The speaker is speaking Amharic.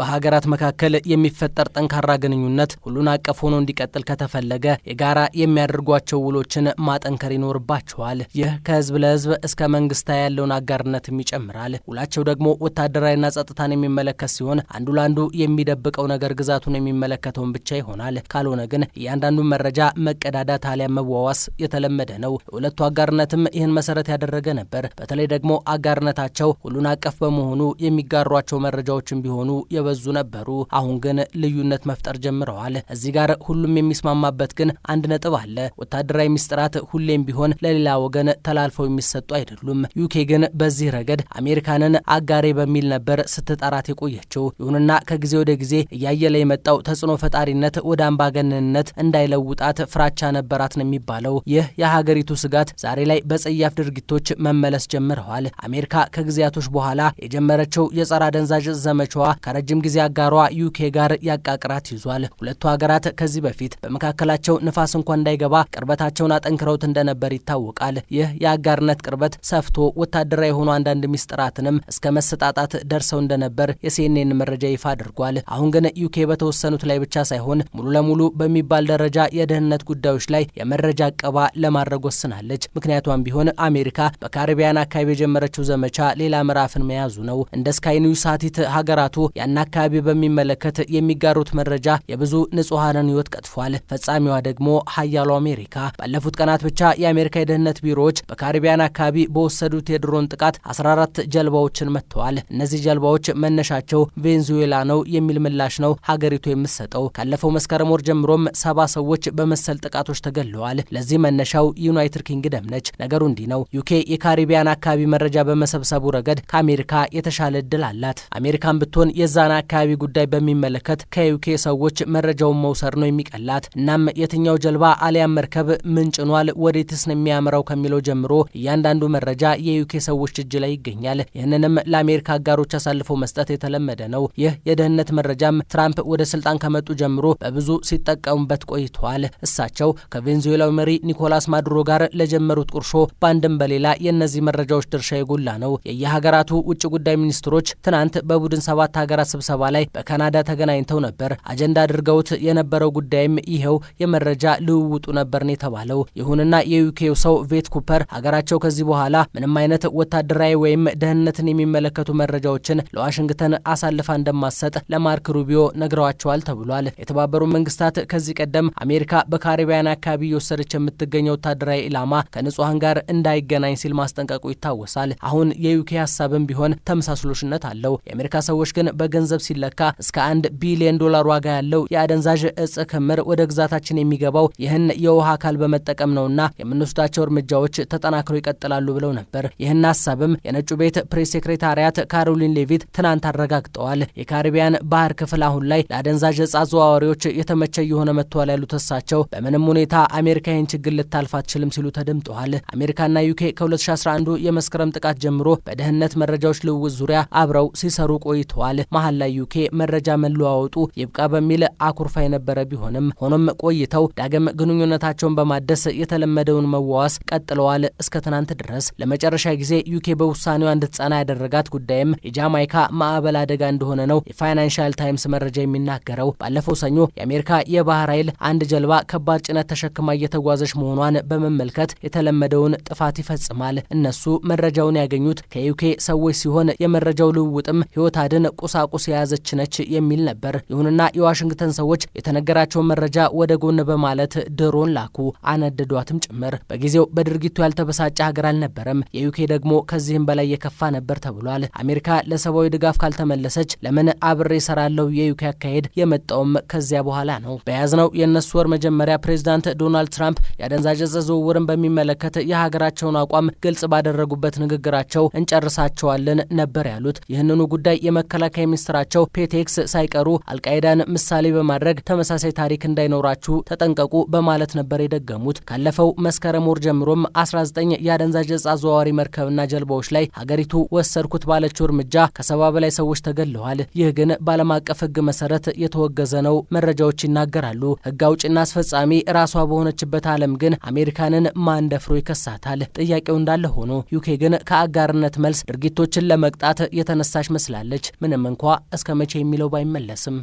በሀገራት መካከል የሚፈጠር ጠንካራ ግንኙነት ሁሉን አቀፍ ሆኖ እንዲቀጥል ከተፈለገ የጋራ የሚያደርጓቸው ውሎችን ማጠንከር ይኖርባቸዋል። ይህ ከህዝብ ለህዝብ እስከ መንግስታ ያለውን አጋርነትም ይጨምራል። ውላቸው ደግሞ ወታደራዊና ጸጥታን የሚመለከት ሲሆን አንዱ ለአንዱ የሚደብቀው ነገር ግዛቱን የሚመለከተውን ብቻ ይሆናል። ካልሆነ ግን እያንዳንዱ መረጃ መቀዳዳት አሊያም መዋዋስ የተለመደ ነው። የሁለቱ አጋርነትም ይህን መሰረት ያደረገ ነበር። በተለይ ደግሞ አጋርነታቸው ሁሉን አቀፍ በመሆኑ የሚጋሯቸው መረጃዎችን ቢሆኑ የበዙ ነበሩ። አሁን ግን ልዩነት መፍጠር ጀምረዋል። እዚህ ጋር ሁሉም የሚስማማበት ግን አንድ ነጥብ አለ። ወታደራዊ ሚስጥራት ሁሌም ቢሆን ለሌላ ወገን ተላልፈው የሚሰጡ አይደሉም። ዩኬ ግን በዚህ ረገድ አሜሪካንን አጋሬ በሚል ነበር ስትጠራት የቆየችው። ይሁንና ከጊዜ ወደ ጊዜ እያየለ የመጣው ተጽዕኖ ፈጣሪነት ወደ አምባገነንነት እንዳይለውጣት ፍራቻ ነበራት ነው የሚባለው። ይህ የሀገሪቱ ስጋት ዛሬ ላይ በጸያፍ ድርጊቶች መመለስ ጀምረዋል። አሜሪካ ከጊዜያቶች በኋላ የጀመረችው የጸረ አደንዛዥ ዘመቻዋ ከረጅም ከረጅም ጊዜ አጋሯ ዩኬ ጋር ያቃቅራት ይዟል። ሁለቱ ሀገራት ከዚህ በፊት በመካከላቸው ንፋስ እንኳ እንዳይገባ ቅርበታቸውን አጠንክረውት እንደነበር ይታወቃል። ይህ የአጋርነት ቅርበት ሰፍቶ ወታደራዊ የሆኑ አንዳንድ ሚስጥራትንም እስከ መሰጣጣት ደርሰው እንደነበር የሲኤንኤን መረጃ ይፋ አድርጓል። አሁን ግን ዩኬ በተወሰኑት ላይ ብቻ ሳይሆን ሙሉ ለሙሉ በሚባል ደረጃ የደህንነት ጉዳዮች ላይ የመረጃ አቀባ ለማድረግ ወስናለች። ምክንያቷም ቢሆን አሜሪካ በካሪቢያን አካባቢ የጀመረችው ዘመቻ ሌላ ምዕራፍን መያዙ ነው። እንደ ስካይ ኒውስ ሳቲት ሀገራቱ ያና አካባቢ በሚመለከት የሚጋሩት መረጃ የብዙ ንጹሐንን ህይወት ቀጥፏል። ፈጻሚዋ ደግሞ ሀያሉ አሜሪካ። ባለፉት ቀናት ብቻ የአሜሪካ የደህንነት ቢሮዎች በካሪቢያን አካባቢ በወሰዱት የድሮን ጥቃት 14 ጀልባዎችን መጥተዋል። እነዚህ ጀልባዎች መነሻቸው ቬንዙዌላ ነው የሚል ምላሽ ነው ሀገሪቱ የምትሰጠው። ካለፈው መስከረም ወር ጀምሮም ሰባ ሰዎች በመሰል ጥቃቶች ተገለዋል። ለዚህ መነሻው ዩናይትድ ኪንግደም ነች። ነገሩ እንዲህ ነው። ዩኬ የካሪቢያን አካባቢ መረጃ በመሰብሰቡ ረገድ ከአሜሪካ የተሻለ እድል አላት። አሜሪካን ብትሆን የዛ የሱዳን አካባቢ ጉዳይ በሚመለከት ከዩኬ ሰዎች መረጃውን መውሰድ ነው የሚቀላት። እናም የትኛው ጀልባ አሊያም መርከብ ምን ጭኗል፣ ወዴትስ ነው የሚያምራው ከሚለው ጀምሮ እያንዳንዱ መረጃ የዩኬ ሰዎች እጅ ላይ ይገኛል። ይህንንም ለአሜሪካ አጋሮች አሳልፎ መስጠት የተለመደ ነው። ይህ የደህንነት መረጃም ትራምፕ ወደ ስልጣን ከመጡ ጀምሮ በብዙ ሲጠቀሙበት ቆይተዋል። እሳቸው ከቬንዙዌላዊ መሪ ኒኮላስ ማዱሮ ጋር ለጀመሩት ቁርሾ በአንድም በሌላ የእነዚህ መረጃዎች ድርሻ የጎላ ነው። የየሀገራቱ ውጭ ጉዳይ ሚኒስትሮች ትናንት በቡድን ሰባት ሀገራት ስብሰባ ላይ በካናዳ ተገናኝተው ነበር። አጀንዳ አድርገውት የነበረው ጉዳይም ይኸው የመረጃ ልውውጡ ነበርን የተባለው። ይሁንና የዩኬው ሰው ቬት ኩፐር ሀገራቸው ከዚህ በኋላ ምንም አይነት ወታደራዊ ወይም ደህንነትን የሚመለከቱ መረጃዎችን ለዋሽንግተን አሳልፋ እንደማትሰጥ ለማርክ ሩቢዮ ነግረዋቸዋል ተብሏል። የተባበሩ መንግስታት ከዚህ ቀደም አሜሪካ በካሪቢያን አካባቢ እየወሰደች የምትገኘው ወታደራዊ ኢላማ ከንጹሐን ጋር እንዳይገናኝ ሲል ማስጠንቀቁ ይታወሳል። አሁን የዩኬ ሀሳብም ቢሆን ተመሳስሎሽነት አለው። የአሜሪካ ሰዎች ግን በገንዘብ ገንዘብ ሲለካ እስከ አንድ ቢሊዮን ዶላር ዋጋ ያለው የአደንዛዥ እጽ ክምር ወደ ግዛታችን የሚገባው ይህን የውሃ አካል በመጠቀም ነውና የምንወስዳቸው እርምጃዎች ተጠናክረው ይቀጥላሉ ብለው ነበር። ይህን ሀሳብም የነጩ ቤት ፕሬስ ሴክሬታሪያት ካሮሊን ሌቪት ትናንት አረጋግጠዋል። የካሪቢያን ባህር ክፍል አሁን ላይ ለአደንዛዥ እጽ አዘዋዋሪዎች የተመቸ እየሆነ መጥቷል ያሉት እሳቸው በምንም ሁኔታ አሜሪካ ይህን ችግር ልታልፍ አትችልም ሲሉ ተደምጠዋል። አሜሪካና ዩኬ ከ2011 የመስከረም ጥቃት ጀምሮ በደህንነት መረጃዎች ልውውጥ ዙሪያ አብረው ሲሰሩ ቆይተዋል። መሀል ላይ ዩኬ መረጃ መለዋወጡ ይብቃ በሚል አኩርፋ የነበረ ቢሆንም ሆኖም ቆይተው ዳግም ግንኙነታቸውን በማደስ የተለመደውን መዋዋስ ቀጥለዋል። እስከ ትናንት ድረስ ለመጨረሻ ጊዜ ዩኬ በውሳኔዋ እንድትጸና ያደረጋት ጉዳይም የጃማይካ ማዕበል አደጋ እንደሆነ ነው የፋይናንሻል ታይምስ መረጃ የሚናገረው። ባለፈው ሰኞ የአሜሪካ የባህር ኃይል አንድ ጀልባ ከባድ ጭነት ተሸክማ እየተጓዘች መሆኗን በመመልከት የተለመደውን ጥፋት ይፈጽማል። እነሱ መረጃውን ያገኙት ከዩኬ ሰዎች ሲሆን የመረጃው ልውውጥም ሕይወት አድን ቁሳቁስ የያዘች ነች የሚል ነበር። ይሁንና የዋሽንግተን ሰዎች የተነገራቸውን መረጃ ወደ ጎን በማለት ድሮን ላኩ፣ አነደዷትም ጭምር። በጊዜው በድርጊቱ ያልተበሳጨ ሀገር አልነበረም። የዩኬ ደግሞ ከዚህም በላይ የከፋ ነበር ተብሏል። አሜሪካ ለሰብአዊ ድጋፍ ካልተመለሰች ለምን አብሬ ሰራለው? የዩኬ አካሄድ የመጣውም ከዚያ በኋላ ነው። በያዝነው የእነሱ ወር መጀመሪያ ፕሬዚዳንት ዶናልድ ትራምፕ የአደንዛዥ ዝውውርን በሚመለከት የሀገራቸውን አቋም ግልጽ ባደረጉበት ንግግራቸው እንጨርሳቸዋለን ነበር ያሉት። ይህንኑ ጉዳይ የመከላከያ ሚኒስትር የነበራቸው ፔቴክስ ሳይቀሩ አልቃይዳን ምሳሌ በማድረግ ተመሳሳይ ታሪክ እንዳይኖራችሁ ተጠንቀቁ በማለት ነበር የደገሙት። ካለፈው መስከረም ወር ጀምሮም 19 የአደንዛዥ እጽ አዘዋዋሪ መርከብና ጀልባዎች ላይ ሀገሪቱ ወሰድኩት ባለችው እርምጃ ከሰባ በላይ ሰዎች ተገለዋል። ይህ ግን በዓለም አቀፍ ሕግ መሰረት የተወገዘ ነው መረጃዎች ይናገራሉ። ሕግ አውጭና አስፈጻሚ ራሷ በሆነችበት ዓለም ግን አሜሪካንን ማን ደፍሮ ይከሳታል? ጥያቄው እንዳለ ሆኖ ዩኬ ግን ከአጋርነት መልስ ድርጊቶችን ለመቅጣት የተነሳች መስላለች ምንም እንኳ እስከ መቼ የሚለው ባይመለስም